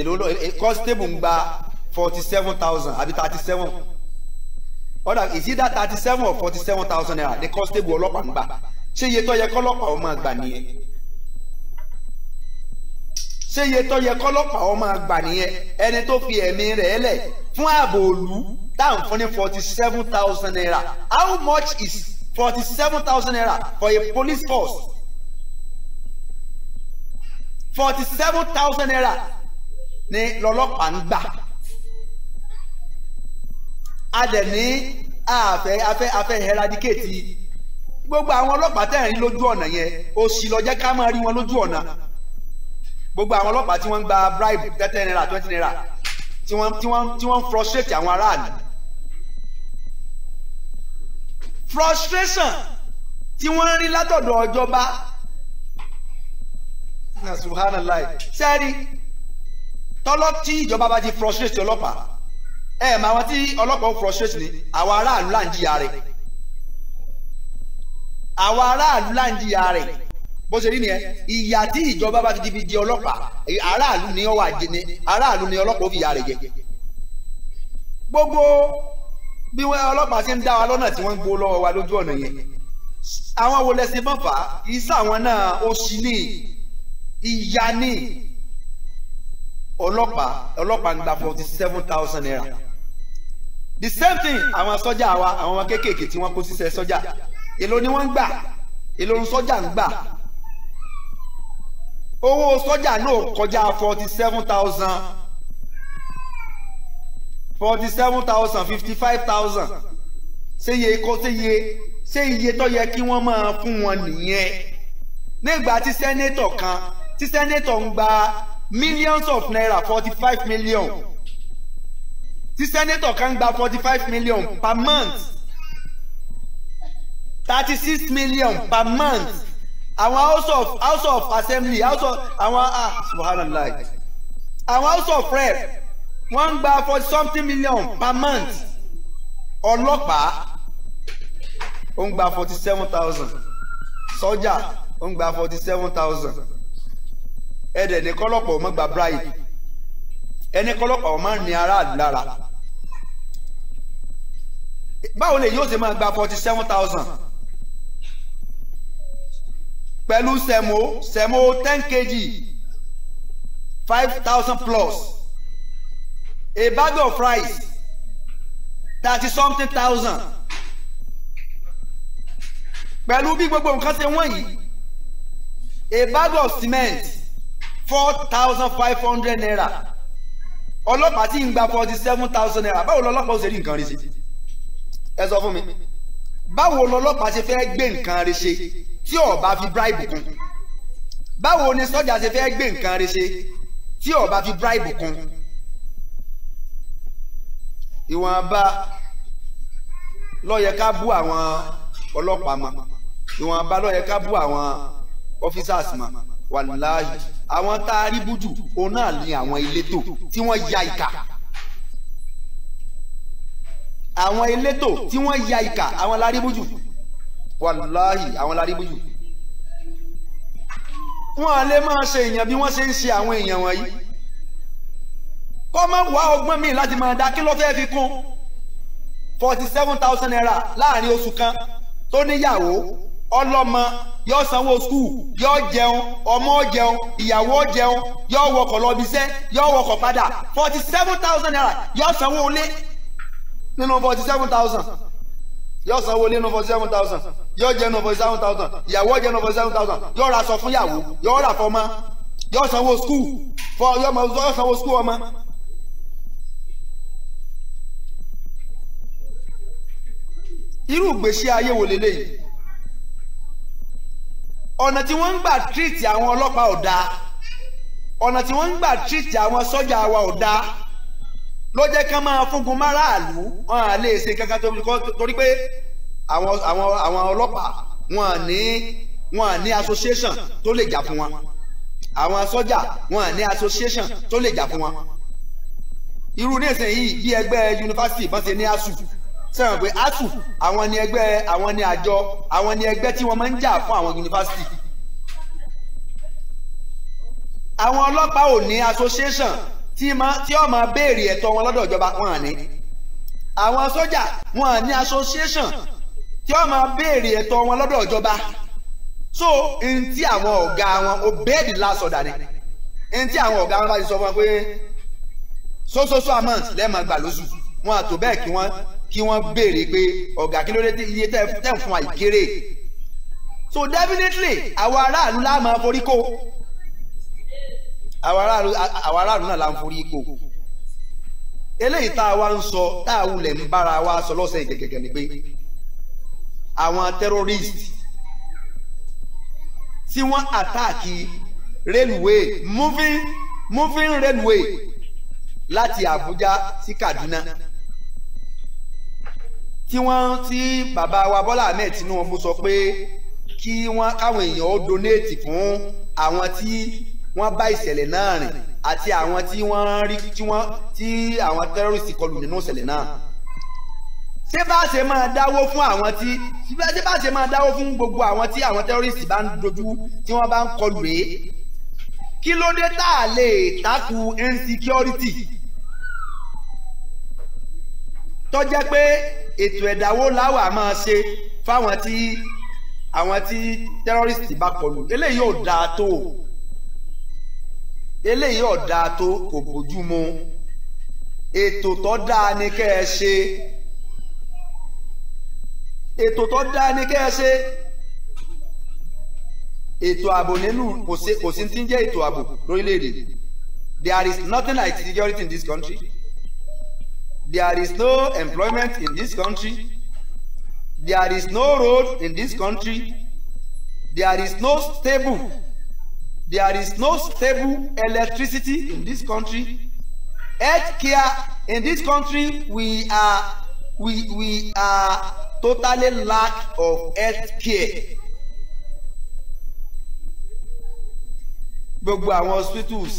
èlò kọ́sítébù ń gba forty seven thousand àbí thirty seven ọ̀dà is it that thirty seven or forty seven thousand naira ni kọ́sítébù ọlọ́pàá ń gbà ṣé iye tó yẹ kọ́lọ́pàá ọmọ àgbà nìyẹn ṣé iye tó yẹ kọ́lọ́pàá ó máa gbà nìyẹn ẹni tó fi ẹ̀mí rẹ̀ lẹ̀ fún ààbò òlu táwọn fún ní forty seven thousand naira how much is forty seven thousand naira for a police force forty seven thousand naira ni lọ́lọ́pàá ń gbà a dẹ̀ ní àfẹ́ afẹ́ afẹ́ eradicate gbogbo àwọn ọlọ́pàá tẹ̀rín lójú ọ̀nà yẹn òṣì ló jẹ́ ká máa rí wọn lójú ọ̀nà gbogbo àwọn ọlọ́pàá tí wọ́n ń gba bribe ten naira twenty naira tí wọ́n tí wọ́n tí wọ́n frustrate àwọn aráàlú frustration tí wọ́n ń rí látọ̀dọ̀ ọjọ́ba na subhanallah sẹ́ẹ̀rí tọ́lọ́ tí ìjọba bá ti frustrate ọlọ́pàá ẹ̀ mà àwọn tí ọlọ́pàá frustrate ni àwọn aráàlú là ń jìyà rẹ̀ àwọn aráàlú là ń jìyà rẹ̀ bó ṣe rí nìyẹn ìyà tí ìjọba bá ti fi di ọlọ́pàá aráàlú ni ọwọ́ àjẹni aráàlú ni ọlọ́pàá ó fi ìyà rẹ̀ jẹ. gbogbo bí wọn ọlọ́pàá ṣe ń dá wa lọ́nà tí wọ́n ń gbó lọ́wọ́ wa lójú ọ̀nà yẹn àwọn wo lẹ́sìn bọ́fà iṣẹ́ àwọn náà ó sì ní ìyà ní ọlọ́pàá ọlọ́pàá ń gba forty seven thousand naira the same thing àwọn sọ́jà wa àwọn kéékèèké tí wọ́n kó síṣẹ́ sọ́jà èló ni wọ́n ń gbà èló ń sọ́jà ń gbà owó sọ́jà náà kọjá forty seven thousand forty seven thousand fifty five thousand ṣé iye kó ṣé iye ṣé iye tó yẹ kí wọ́n máa fún wọn nìyẹn nígbà tí sẹ́nétọ̀ kan tí sẹ́nétọ̀ ń gba millions of naira forty five million tí sẹ́nétọ̀ kan ń gba forty five million per month thirty six million per month àwọn house of house of assembly house of àwọn ah subhanallah àwọn house of rep wọ́n ń gba forty something million per month ọlọ́pàá ó ń gba forty seven thousand sọ́jà ó ń gba forty seven thousand ẹ̀dẹ̀ ní kọ́lọ́pọ̀ ọmọ gba bribe ẹni kọ́lọ́pọ̀ ọmọ ní aráàlú lára báwo lè yóò ṣe máa gba forty seven thousand pẹ̀lú sẹ̀mó sẹ̀mó ten kg five thousand plus a bag of rice thirty something thousand pẹ̀lú bí gbogbo nǹkan ṣe wọ́n yìí a bag of cement four thousand five hundred naira ọlọ́pàá tí ń gba forty seven thousand naira báwo lọ́lọ́pàá ó ṣe rí nǹkan rí sí ẹ sọ fún mi báwo lọlọ́pàá ṣe fẹ́ gbé nǹkan rẹ̀ ṣe tí ó bá fi bribe kún báwo ni sọ́jà ṣe fẹ́ gbé nǹkan rẹ̀ ṣe tí ó bá fi bribe kún ìwọ̀nba ló yẹ ká bú àwọn ọlọ́pàá mọ́ ìwọ̀nba ló yẹ ká bú àwọn officers mọ́ wàláhì àwọn tá a rí bújù òun náà ní àwọn elétò tí wọ́n ya ìkà àwọn elétò tí wọ́n ya ìkà àwọn láríbújù wàláhì àwọn láríbújù wọn à lè máa ṣe èèyàn bí wọ́n ṣe ń ṣe àwọn èèyàn wọ̀nyí kọ́ máa wá ọgbọ́n mi láti máa dá kí ló fẹ́ fi kún forty seven thousand naira láàrin oṣù kan tó níyàwó ọlọ́mọ yóò sanwó skul yóò jẹun ọmọ jẹun ìyàwó jẹun yóò wọkọ̀ lọ yóò wọkọ̀ padà forty seven thousand naira yóò sanwó ilé nínú forty seven thousand yóò sanwó nínú forty seven thousand yóò jẹ nínú forty seven thousand ìyàwó jẹ nínú forty seven thousand yóò ra aṣọ fún ìyàwó yóò rà fọmọ yóò sanwó skul fọ yóò sanwó skul ọmọ. irú ìgbésí ayé wo leléyìí ọ̀nà tí wọ́n ń gbà tírìtì àwọn ọlọ́pàá ò dáa ọ̀nà tí wọ́n ń gbà tírìtì àwọn sọ́jà wa ò dáa ló jẹ́ ká máa fúngun máràlú wọn à lè ṣe kankan torí pé àwọn àwọn àwọn ọlọ́pàá wọn à ní wọn à ní association tó lè jà fún wọn àwọn sọ́jà wọn à ní association tó lè jà fún wọn irú nísìnyìí bí ẹgbẹ́ yunifásitì bá ṣe ní asu sẹ́wọ̀n pé asu àwọn ni ẹgbẹ́ àwọn ni àjọ àwọn ni ẹgbẹ́ tí wọ́n máa ń jà fún àwọn yunifásitì àwọn ọlọ́pàá ò ní association tí ó máa béèrè ẹ̀tọ́ wọn lọ́dọ̀ ìjọba wọn àní àwọn sójà wọn àní association tí ó máa béèrè ẹ̀tọ́ wọn lọ́dọ̀ ìjọba so n tí àwọn ọ̀gá wọn obedi last order ni n àwọn ọ̀gá wọn bá ti sọ fún wọn pé so so so amount lẹ́ẹ̀mọ̀ gbà lóṣù wọn àtò bẹ́ẹ̀ kí wọ́n kí wọ́n béèrè pé ọ̀gá kí ló dé iye tẹ̀ fún wa ìkéré so definitely àwọn aráàlú la máa forí kó àwọn aráàlú náà là ń forí ipò eléyìí tá a wá ń sọ tá a wulẹ̀ ń bára wa sọ lọ́sẹ̀ gẹ̀gẹ̀gẹ̀ ni pé àwọn terrorist tí wọ́n àtáàkì railway moving moving railway láti abuja sí Kaduna tí wọ́n tí bàbá wa Bọ́lá Ahmed Tinubu sọ pé kí wọ́n káwọn èèyàn ó donate fún àwọn tí wọ́n bá ìṣẹ̀lẹ̀ náà rìn àti àwọn tí wọ́n rí tí wọ́n tí àwọn tẹ́rọ́rìsì kọlù nínú ìṣẹ̀lẹ̀ náà. ṣé bá ṣe máa dáwó fún àwọn tí ṣé bá ṣe máa dáwó fún gbogbo àwọn tí àwọn tẹ́rọ́rìsì bá ń dojú tí wọ́n bá ń kọlù rèé kí ló dé tá a lè takú insecurity tó jẹ́ pé ètò ẹ̀dáwó láwà máa ṣe fáwọn tí àwọn tí tẹ́rọ́rìsì bá kọlù eléyìí ò dáa tó o eléyìí ọ̀dà tó kò bójú mu ètò tó dáa ni kẹ́ ẹ ṣe ètò tó dáa ni kẹ́ ẹ ṣe ètò ààbò nínú kò sí kò sí ti ń jẹ́ ètò ààbò lórílẹ̀‐èdè there is nothing like security in this country there is no employment in this country there is no road in this country there is no stable There is no stable electricity in this country. Health care in this country, we are we we are totally lack of health care. Gbogbo àwọn hospitals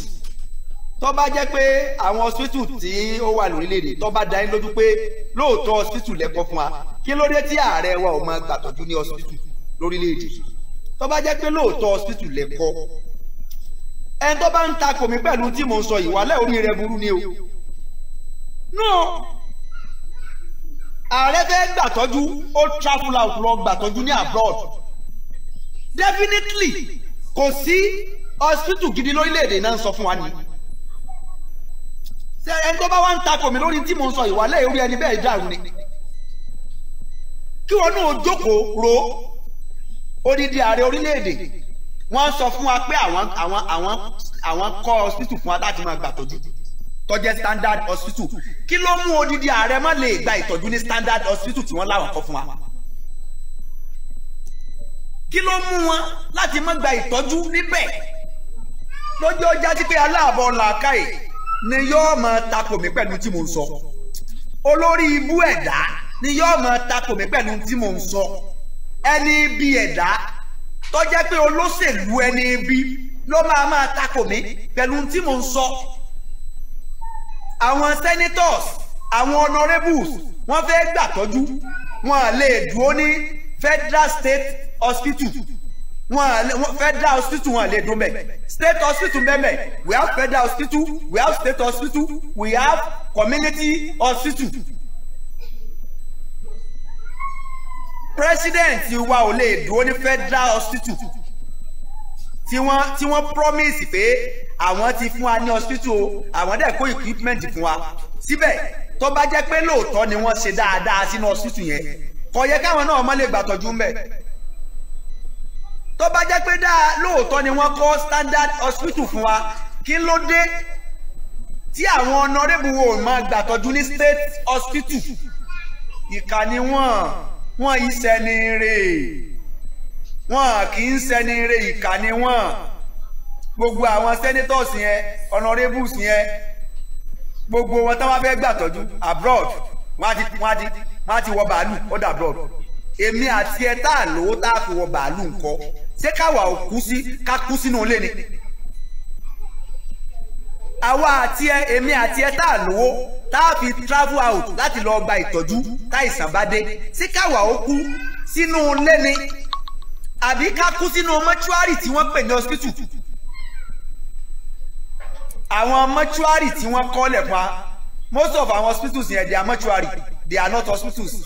tó bá jẹ́ pé àwọn hospital tí ó wà lórílẹ̀‐èdè tó bá dá yín lójú pé lóòótọ́ hospital lẹ́kọ̀ọ́ fún wa kí ló dé tí ààrẹ wa ò máa gbàtọ́jú ní hospital lórílẹ̀‐èdè tó bá jẹ́ pé lóòótọ́ hospital lẹ́kọ̀ọ́ ẹni tó bá ń takò mí pẹ̀lú tí mò ń sọ ìwàlẹ̀ orí rẹ̀ burú ni o. nù ààrẹ fẹ́ gbàtọ́jú ó travel out lọ gbàtọ́jú ní abroad definitely kò sí hospital gidi lórílẹ̀‐èdè náà ń sọ fún wa ni. ṣé ẹni tó bá wá ń takò mí lórí tí mò ń sọ ìwàlẹ̀ orí ẹni bẹ́ẹ̀ dàrú ni. kí wọn náà jókòó ro odidi ààrẹ orílẹ̀‐èdè wọ́n sọ fún wa pé àwọn àwọn àwọn àwọn kọ́ hospital fún wa láti máa gbà tọ́jú tọ́jẹ́ standard hospital kí ló mú odidi ààrẹ má lè gba ìtọ́jú ní standard hospital tí wọ́n láwọn kọ́ fún wa kí ló mú wọn láti má gba ìtọ́jú níbẹ̀ lójú ọjà sí pé aláàbọ̀ làákàyè ni yóò máa takò mí pẹ̀lú tí mo ń sọ olórí ibú ẹ̀dá ni yóò máa takò mí pẹ̀lú tí mo ń sọ ẹni bí ẹ̀dá tó jẹ́ pé olóṣèlú ẹni bí ló máa máa takò mí pẹ̀lú tí mò ń sọ àwọn senators àwọn honourables wọ́n fẹ́ gbàtọ́jú wọn à lè dúró ní federal state hospital wọn federal hospital wọn lè dùn bẹ state hospital bẹ́ẹ̀ we have federal hospital we have state hospital we have community hospital president wa ò lè dúró ní federal hospital tí wọ́n tí wọ́n promise pé àwọn ti fún wa ní hospital o àwọn dẹ̀ kó equipment fún wa síbẹ̀ tó bá jẹ́ pé lóòótọ́ ni wọ́n ṣe dáadáa sínú hospital yẹn kò yẹ káwọn náà má lè gbàtọ́jú mbẹ̀ tó bá jẹ́ pé dáa lóòótọ́ ni wọ́n kọ́ standard hospital fún wa kí ló dé tí àwọn ọ̀nàrẹ́bù wo máa gbàtọ́jú ní state hospital ìkà ni wọ́n wọ́n yìí sẹ́ni rè wọ́n kì í sẹ́ni rè ìkà ni wọ́n gbogbo àwọn senators yẹn honourables yẹn gbogbo wọn táwọn fẹ́ gbàtọ́jú abroad wọ́n á ti wọ́n á ti wọ́n ti wọ bàálù ó abroad èmi àti ẹ tá a lówó tá a fi wọ bàálù ńkọ́ ṣé káwa ò kú sí ká kú sínú ilé ni àwa àti ẹ èmi àti ẹ tá a lówó tá a fi travel out láti lọ gba ìtọ́jú táìsàn bá dé sí káwa ó kú sínú ilé ni àbí ká kú sínú mọ́ṣúárì tí wọ́n pè ní hospital àwọn mọ́ṣúárì tí wọ́n kọ́lẹ̀ pa most of àwọn hospitals yẹn they are mọ́ṣúárì they are not hospitals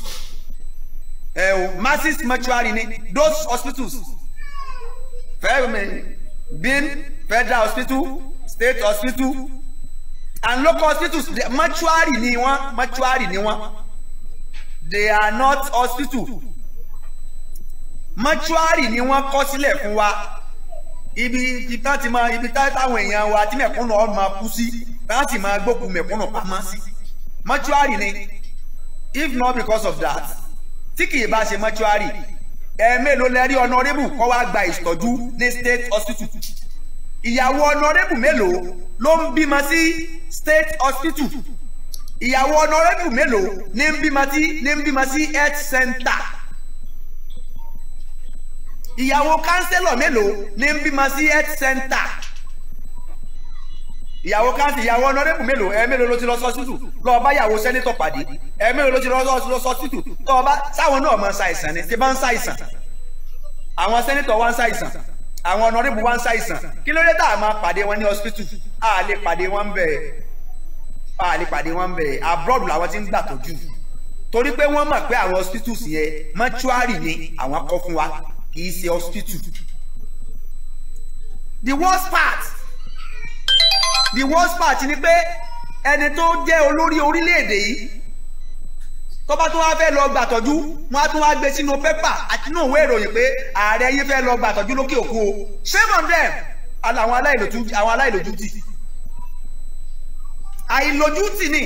ẹ o masses mọ́ṣúárì ni those hospitals fẹ́ẹ́mi bin federal hospital state hospital and local hospitals mortuary ni wọ́n mortuary ni wọ́n they are not hospital mortuary ni wọ́n kọ́ sílẹ̀ fún wa ibi ibi tá ti máa ibi tá táwọn èèyàn wa tí mẹ̀kúnnù ọ máa kú sí tá sì máa gbókun mẹ̀kúnnù pamọ́ sí mọ́túárì ni if not because of that tí kì í bá ṣe mọ́túárì ẹ̀ẹ́mélòó lẹ́rí ọ̀nà rébù kọ́ wá gba ìtọ́jú ní state hospital ìyàwó ọ̀nàrẹ́bù mélòó ló ń bímọ sí state hospital ìyàwó ọ̀nàrẹ́bù mélòó ní ń bímọ sí ní ń bímọ sí health center ìyàwó kánsẹ́lọ̀ mélòó ní ń bímọ sí health center ìyàwó kánsì ìyàwó ọ̀nàrẹ́bù mélòó ẹ̀ẹ́mélòó ló ti lọ sọ́sítù lọ́ọ́ bá ìyàwó sẹ́nitọ̀ pàdé ẹ̀ẹ́mélòó ló ti lọ sọ́sítù tọ́ọ́ bá sáwọn náà mọ̀ ṣàìsàn ni ti bá ń ṣàìsàn àwọn sẹ́nitọ̀ wá ń ṣàìsàn àwọn ọ̀nàrìbù wa ń ṣàìsàn kí ló dé tá a máa pàdé wọn ní hospital a lè pàdé wọn bẹ̀ a lè pàdé wọn bẹ̀ abroad làwọn ti ń gbà tọ́jú torí pé wọ́n mọ̀ pé àwọn hospitals yẹn mọ́túárì ni àwọn kọ́ fún wa kì í ṣe hospital the worst part the worst part ni pé ẹni tó jẹ́ olórí orílẹ̀-èdè yìí tó bá tún wá fẹ́ lọ gbàtọ́jú wọn á tún wá gbé sínú pépà àti inú òwe ìròyìn pé ààrẹ yín fẹ́ lọ gbàtọ́jú lókè òkú o shame on them àwọn aláìlójútì àìlójútì ni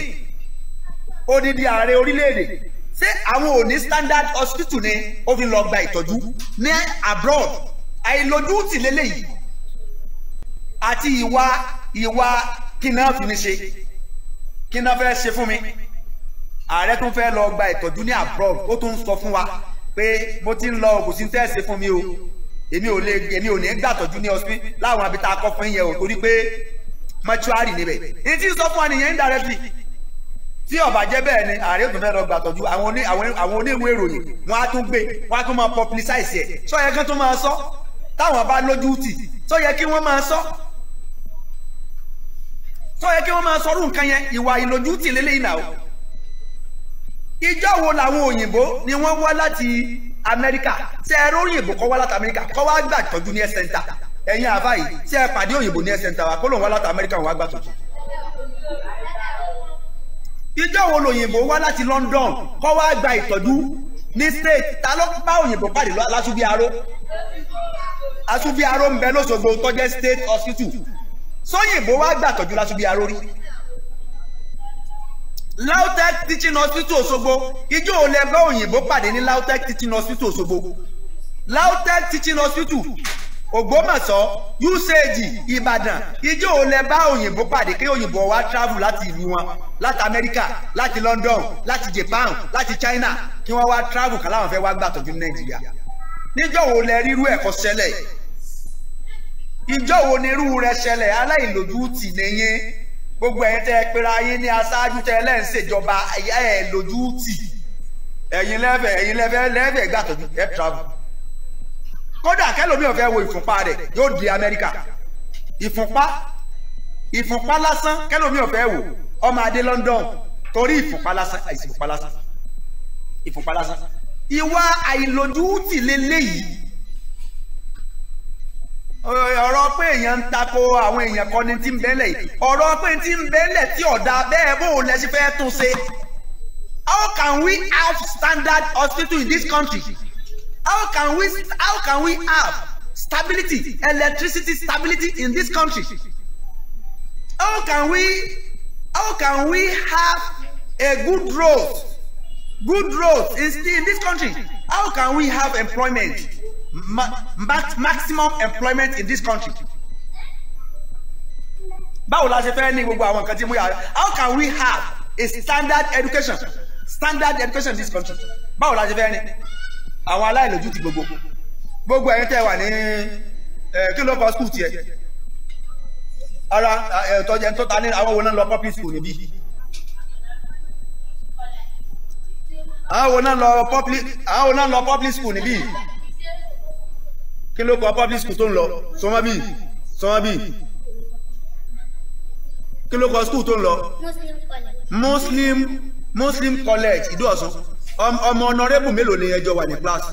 odidi ààrẹ orílẹ̀-èdè ṣé àwọn ò ní standard hospital ni ó fi lọ gba ìtọ́jú ní abroad àìlójútì lélẹ́yìí àti ìwà ìwà kí náà fi mi ṣe kí náà fẹ́ ṣe fún mi ààrẹ tún fẹ́ lọ gba ìtọ́jú ní abroad ó tún ń sọ fún wa pé mo ti ń lọ kò sí tẹ́ẹ̀sì fún mi o èmi ò lè èmi ò ní gbàtọ́jú ní ọsìn láwọn abita akọ́fún yẹn o torí pé mọ́ṣúárì níbẹ̀ èyí tí ń sọ fún wa nìyẹn ń darẹ́ sí tí ó bá jẹ́ bẹ́ẹ̀ ni ààrẹ ò tún fẹ́ lọ gbàtọ́jú àwọn oníwèé ìròyìn wọn á tún gbé wọn á tún máa publicize ẹ̀ sọ yẹ kí wọ́n tún máa sọ táwọn bá lójú tì sọ yẹ kí wọ́n máa sọ sọ yẹ kí wọ́n máa sọ irú nǹkan yẹn ìwà ìlójú tì lélẹ́yìn náà ìjọ wo làwọn òyìnbó ni wọ́n wá láti amẹ́ríkà ṣe ẹ̀rọ òyìnbó kọ́ wá láti amẹ́ríkà kọ́ wá gbà tọ́jú ní health center ẹ̀yin àbá yìí ṣe ẹ pàdé òyìnbó ní health center wa kó lóun wá láti amẹ́ríkà wọ́n wá gbà tọ́jú. ìjọ wo lòyìnbó wá láti London kọ́ wá gba ìtọ́jú ní state ta ló bá òyìnbó pàdé lásùbíàró àsùbíàró ń bẹ lóṣogbo tó state hospital sóyìnbó wá gbà tọ́jú lásùbíàró rí LAUTECH teaching hospital Òṣogbo ijó olè bá òyìnbó pàdé ní LAUTECH teaching hospital Òṣogbo LAUTECH teaching hospital Ògbómọ̀ṣọ́ UCAG Ìbàdàn ijó olè bá òyìnbó pàdé kí òyìnbó wá travel láti ìlú wọn láti Amẹ́ríkà láti London láti Japan láti China kí wọ́n wá travel kí aláwọn fẹ́ wá gbà tọ́jú ní Nàìjíríà níjọ́ wo lẹ rírú ẹ̀kọ́ ṣẹlẹ̀ ìjọ́ wo ni irú rẹ̀ ṣẹlẹ̀ aláìlójú tì nìyẹn gbogbo ẹ̀yin tẹ́ ẹ pera yín ní aṣáájú tẹ́ ẹ lẹ́ ń ṣèjọba ẹ lójú tì ẹ̀yin lẹ́fẹ̀ ẹ̀yin lẹ́fẹ̀ lẹ́fẹ̀ gbàtọ́jú ẹ travel kódà kẹlòmíràn fẹ́ wo ìfúnpá rẹ̀ yóò di Amẹ́ríkà ìfúnpá ìfúnpá lásán kẹlòmíràn fẹ́ wò ọmọ adé London torí ìfúnpá lásán àìsí ìfúnpá lásán ìfúnpá lásán ìwà àìlójútì lélẹ́yìí ọ̀rọ̀ pé èèyàn ń tako àwọn èèyàn kan ní ti ń bẹ́lẹ̀ yìí ọ̀rọ̀ pé ti ń bẹ́lẹ̀ tí ọ̀dà bẹ́ẹ̀ bó o lẹ fẹ́ tún ṣe. How can we have standard hospital in this country? How can we how can we have stability electricity stability in this country? How can we how can we have a good road good road in this country? How can we have employment? ma maximum employment in this country báwo la ṣe fẹ́ ní gbogbo àwọn nǹkan tí mo yà how can we have a standard education standard education in this country báwo la ṣe fẹ́ ní àwọn aláìlójú ti gbogbo gbogbo ẹ̀yin tẹ́ wà ní kí ló kọ tiẹ̀ ara ẹ̀tọ́jẹ́ tó ní àwọn wo lọ public school níbí àwọn wo lọ public àwọn wo lọ public school níbí kí ló kọ public school tó ń lọ sọmọ bíi sọmọ bíi kí ló kọ school tó ń lọ muslim muslim college ìdó ọ̀sán ọmọ ọ̀nàrẹ́bù mélòó ni ẹjọ́ wà ní class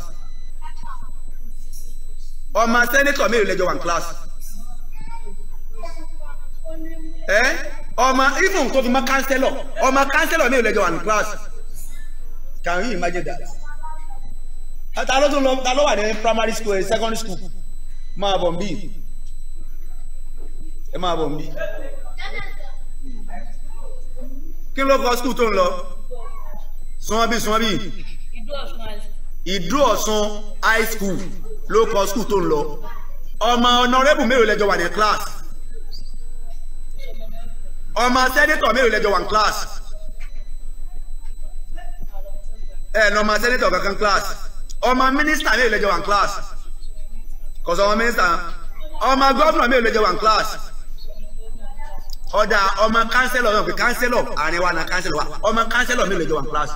ọmọ sẹ́nẹ́tọ̀ mélòó lẹ́jọ́ wà ní class ẹ ọmọ ifun tó fi mọ́ kánsẹ́lọ̀ ọmọ kánsẹ́lọ̀ mélòó lẹ́jọ́ wà ní class can you imagine that. Eh, ta ló tún lọ ta ló wà ní primary school eh, secondary school máa bọ̀ nbí ẹ máa bọ̀ nbí kí ló kọ school tó ń lọ sunwọ́n bí sunwọ́n bí ìdú ọ̀sán high school ló kọ school tó ń lọ ọmọ honorable mélòó lẹ́jọ́ wà ní class ọmọ senator mélòó lẹ́jọ́ wà ní class ẹ̀ ní ọmọ senator kankan class ọmọ mínísítà mi ò lè jẹ one class kò sọ ọmọ mínísítà ọmọ gọ́vnà mi ò lè jẹ one class ọ̀dà ọmọ kánsẹ́lọ̀ ọmọ pé kánsẹ́lọ̀ àárín wa náà kánsẹ́lọ̀ wa ọmọ kánsẹ́lọ̀ mi ò lè jẹ one class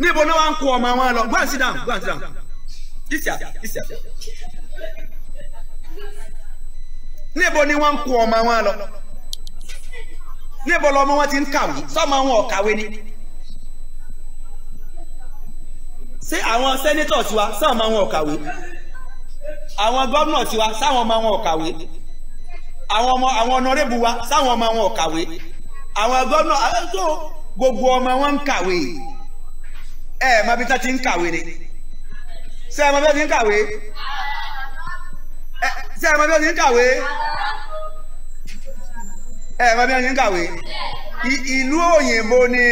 níbo ni wọ́n ń kó ọmọ wọn lọ go and sit down go and sit down ìsìà ìsìà níbo ni wọ́n ń kó ọmọ wọn lọ níbo lọmọ wọn ti ń kàwé sọmọ wọn ò kàwé ni. ṣé àwọn sẹ́nétọ̀ tiwa sáwọn ọmọ wọn ò kàwé àwọn gómìnà tiwa sáwọn ọmọ wọn ò kàwé àwọn ọmọ àwọn ọ̀nàrẹ́bù wa sáwọn ọmọ wọn ò kàwé àwọn gómìnà tó gbogbo ọmọ wọn ń kàwé ẹ ẹ mọ bí tá ti ń kàwé ni ṣé ẹ mọ bí tá ti ń kàwé ṣé ẹ mọ bí tá ti ń kàwé ẹ ẹ mọ ti ń kàwé ìlú òyìnbó ni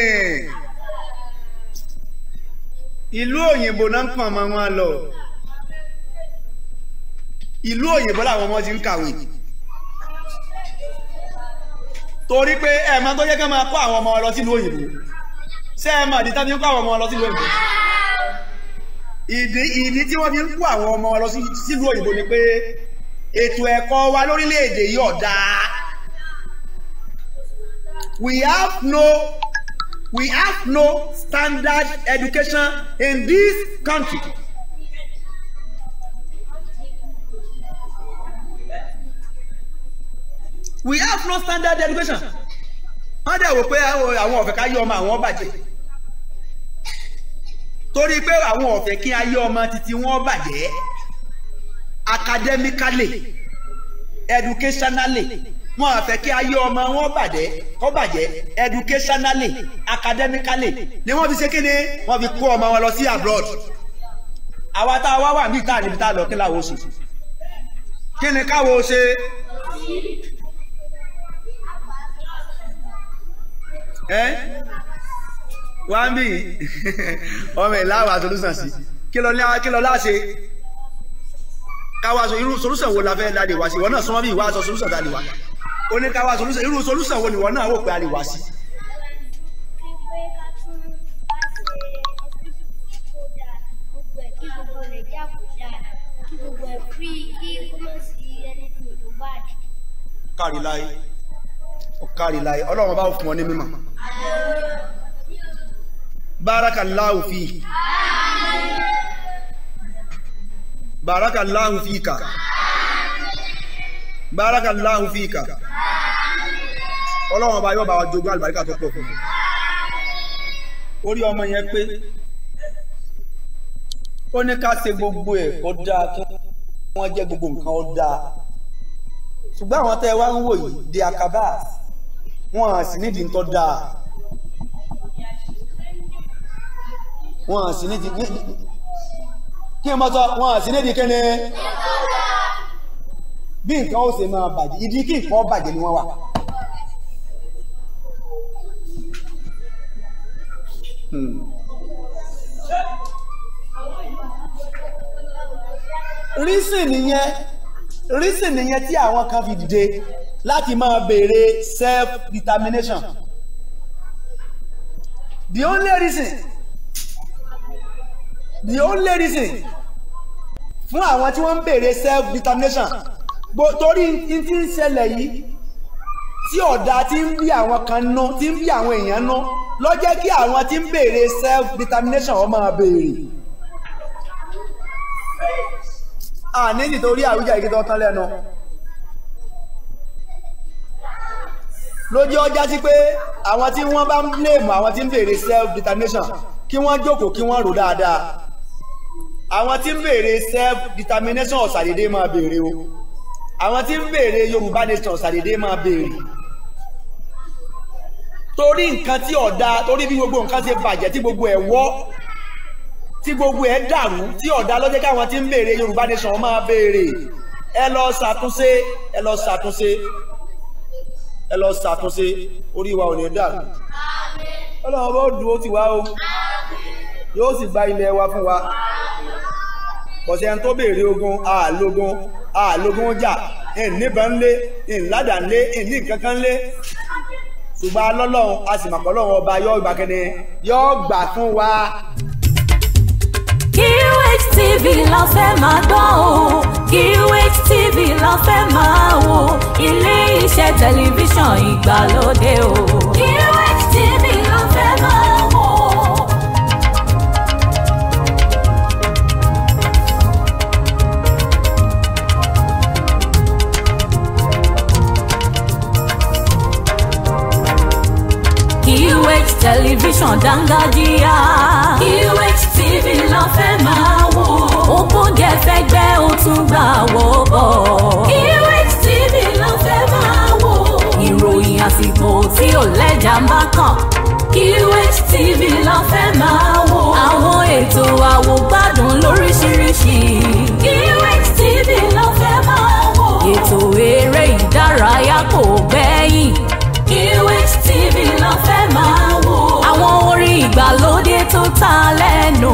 ìlú òyìnbó náà ń pọ̀n ọmọ wọn lọ ìlú òyìnbó làwọn ọmọ ti ń kàwé torí pé ẹ máa tó yẹ ká máa kó àwọn ọmọ lọ sílùú òyìnbó ṣé ẹ máa dìtà ní kó àwọn ọmọ lọ sílùú òyìnbó ìdí ìdí tí wọ́n fi ń kó àwọn ọmọ lọ sílùú òyìnbó ni pé ètò ẹ̀kọ́ wa lórílẹ̀ yìí ọ̀dà we have no We have no standard education in this country. We have no standard education. Wọ́n dẹ̀ wò pé àwọn ọ̀fẹ́ ká yọ ọmọ àwọn bàjẹ́. Torí pé àwọn ọ̀fẹ́ kí a yọ ọmọ títí wọ́n bàjẹ́. Academically, educationally wọn àfẹ́ kí ayé ọmọ wọn bàjẹ́ kọ́ bàjẹ́ educationally academically ni wọ́n fi ṣe kí ni wọ́n fi kó ọmọ wọn lọ sí abroad àwa tá a wá wà ní ìta níbi tá a lọ kí làwọn oṣù kí ni káwọn ṣe. wá ń bì (laughs) ọmọ ẹ̀ láwọn àtolúsàn sí kí lọ láṣẹ káwá sọ irú solúsàn wo la fẹ́ la lè wá sí ìwọ náà sọ wọn bí ìwà sọ solúsàn ta wá ó ní ká wá solúsàn irú solúsàn wo nìwọ náà wò pé a lè wá sí. kárí láyé kárí láyé ọlọ́run bá fún ọ ní mímọ̀ barakallahu fi barakallahu fika. Amen barakallahu fika ọlọ́run ọba yóò bá wa jogún àlùbáríkà tó pọ̀ fún mi orí ọmọ yẹn pé ó ní ká ṣe gbogbo ẹ̀ kó dáa kí wọ́n jẹ́ gbogbo nǹkan ó dáa ṣùgbọ́n àwọn tẹ́ ẹ wá ń wò yìí di akabas wọn à sì nídìí ń tọ́ dáa wọn à sì nídìí kí n bá sọ wọn à sì nídìí kí ni bí nǹkan ó ṣe máa bàjẹ́ ìdí kí nǹkan bàjẹ́ ni wọ́n wà. Hmm. rísì nìyẹn rísì nìyẹn tí àwọn kan fi dìde láti máa béèrè self determination the only reason the only reason fún àwọn tí wọ́n ń béèrè self determination torí n ti ń ṣẹlẹ̀ yìí tí ọ̀dà ti ń bí àwọn kan nú ti ń bí àwọn èèyàn nú ló jẹ́ kí àwọn ti ń béèrè self determination ó máa béèrè. àní nítorí àwùjọ ìgbé tó tán lẹ́nu lójú ọjà sí pé àwọn tí wọ́n bá ń blame àwọn tí ń béèrè self determination kí wọ́n jókòó kí wọ́n rò dáadáa àwọn tí ń béèrè self determination ọ̀sàdédé máa béèrè o àwọn tí ń béèrè Yorùbá nation ṣàdédé máa béèrè torí nǹkan tí ọ̀dà torí bí gbogbo nǹkan ṣe bàjẹ́ tí gbogbo ẹ̀ wọ́ tí gbogbo ẹ̀ dàrú tí ọ̀dà lọ́jọ́ káwọn tí ń béèrè Yorùbá nation máa béèrè ẹ lọ ṣàtúnṣe ẹ lọ ṣàtúnṣe ẹ lọ ṣàtúnṣe orí wa ò ní dàrú ọlọ́run bó dùn ó ti wá o yóò sì gba ilẹ̀ wa fún wa kọ̀sẹ̀ ẹni tó béèrè ogun àlógún àlógún jà ìníbọn lé ìládà lé ìní kankan lé ṣùgbọ́n alọ́lọ́run a sì màpọ̀ lọ́wọ́ ọba yọ ìgbà kẹne yọ gbà fún wa. QH TV la fẹ́ máa gbọ́ o QH TV la fẹ́ máa wo ilé iṣẹ́ tẹlifíṣàn ìgbàlódé o QH TV. tẹlifíṣàn dáńgájíá. QHTV ló fẹ́ máa wò. ògbóǹgẹ̀ fẹ́gbẹ́ ó tún gbà wọ́ bọ̀. QHTV ló fẹ́ máa wò. ìròyìn àsìkò tí ò lẹ́jà ń bá kàn. QHTV ló fẹ́ máa wò. àwọn ètò àwògbádùn lóríṣiríṣi. TV ló fẹ́ máa wò. ètò eré ìdárayá kò ìgbàlódé tó ta lẹ́nu.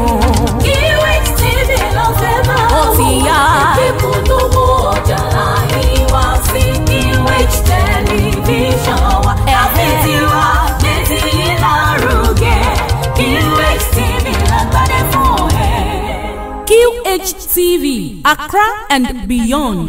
QH TV ló fẹ́ máa wò ó ti yá. ìpínpín tó mú ọjà láyé wá sí QH tẹlifíṣàn wa. láti tiwa dé ti lárugẹ QH TV lágbádẹ́ fún ẹ. QH TV Accra and beyond.